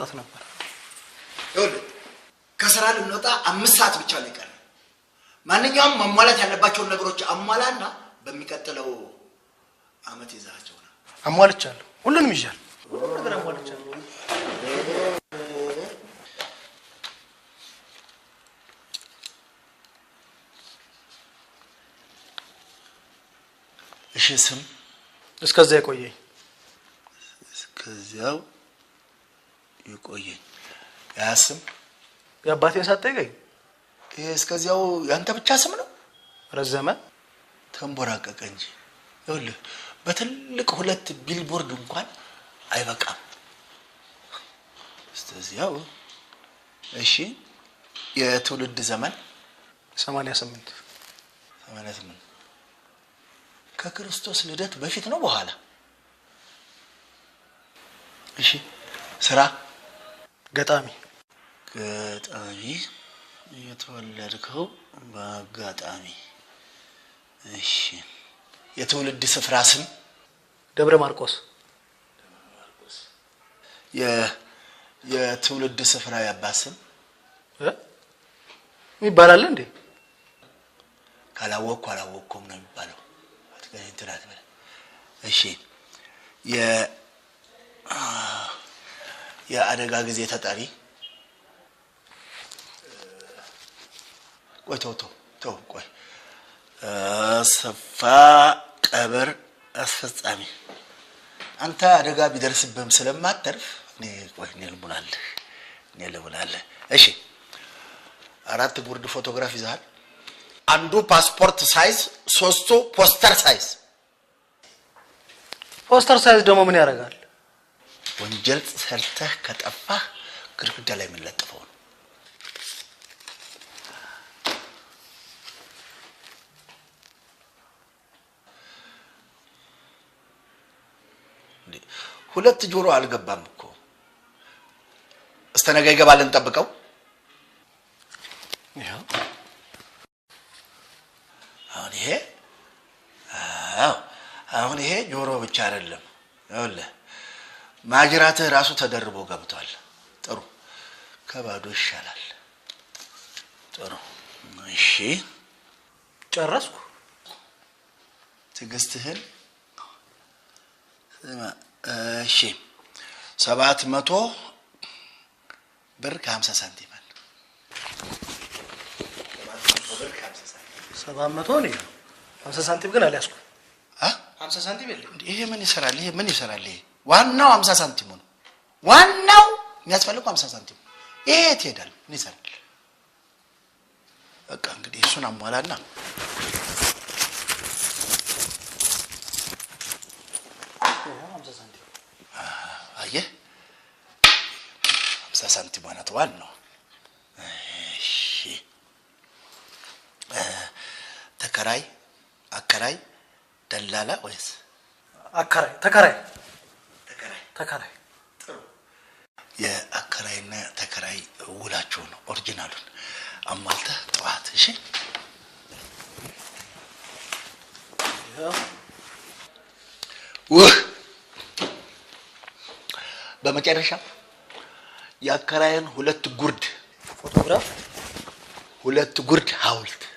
ጣት ነበር። ይኸውልህ ከስራ ልንወጣ አምስት ሰዓት ብቻ ነው የቀረ። ማንኛውም ማሟላት ያለባቸውን ነገሮች አሟላና በሚቀጥለው አመት ይዛቸው ነው። አሟልቻለሁ። ሁሉንም ይዣል። ሁሉ ነገር አሟልቻለሁ። እሺ ስም እስከዚያ የቆየኝ እስከዚያው ይቆየኝ። ያ ስም የአባቴን ሳትጠይቀኝ ይሄ እስከዚያው ያንተ ብቻ ስም ነው። ረዘመ ተንቦራቀቀ እንጂ ይኸውልህ በትልቅ ሁለት ቢልቦርድ እንኳን አይበቃም። እስከዚያው እሺ። የትውልድ ዘመን 88 88 ከክርስቶስ ልደት በፊት ነው በኋላ? እሺ ስራ ገጣሚ ገጣሚ የተወለድከው በአጋጣሚ። እሺ፣ የትውልድ ስፍራ ስም? ደብረ ማርቆስ። የትውልድ ስፍራ ያባት ስም ይባላል እንዴ? ካላወቅኩ አላወቅኩም ነው የሚባለው። አትገናኝ ትላት። እሺ የአደጋ ጊዜ ተጠሪ ቆይ ተው ተው ተው ቆይ አሰፋ ቀብር አስፈጻሚ አንተ አደጋ ቢደርስብህም ስለማተርፍ እኔ ቆይ እኔ ልሙላለህ እኔ ልሙላለህ። እሺ አራት ጉርድ ፎቶግራፍ ይዘሃል። አንዱ ፓስፖርት ሳይዝ፣ ሶስቱ ፖስተር ሳይዝ። ፖስተር ሳይዝ ደግሞ ምን ያደርጋል? ወንጀል ሰርተህ ከጠፋህ ግድግዳ ላይ የምንለጥፈው ነው። ሁለት ጆሮ አልገባም እኮ እስከ ነገ ይገባል እንጠብቀው። አሁን ይሄ አሁን ይሄ ጆሮ ብቻ አይደለም። ማጅራትህ ራሱ ተደርቦ ገብቷል። ጥሩ ከባዶ ይሻላል። ጥሩ እሺ፣ ጨረስኩ። ትዕግስትህን እሺ፣ ሰባት መቶ ብር ከሀምሳ ሳንቲም አለ። ሰባት መቶ ነው። ሀምሳ ሳንቲም ግን አልያዝኩም። ሀምሳ ሳንቲም የለም። ይሄ ምን ይሰራል? ይሄ ምን ይሰራል? ይሄ ዋናው አምሳ ሳንቲሙ ነው። ዋናው የሚያስፈልገው አምሳ ሳንቲሙ ይሄ ትሄዳል ይሰራል። በቃ እንግዲህ እሱን አሟላና አየህ አምሳ ሳንቲም ናት ዋናው። ተከራይ አከራይ ደላላ ወይስ አከራይ ተከራይ ተከራይ ጥሩ የአከራይና ተከራይ ውላቸው ነው። ኦሪጂናሉን አሟልተህ ጠዋት። እሺ ውህ በመጨረሻ የአከራይን ሁለት ጉርድ ፎቶግራፍ፣ ሁለት ጉርድ ሀውልት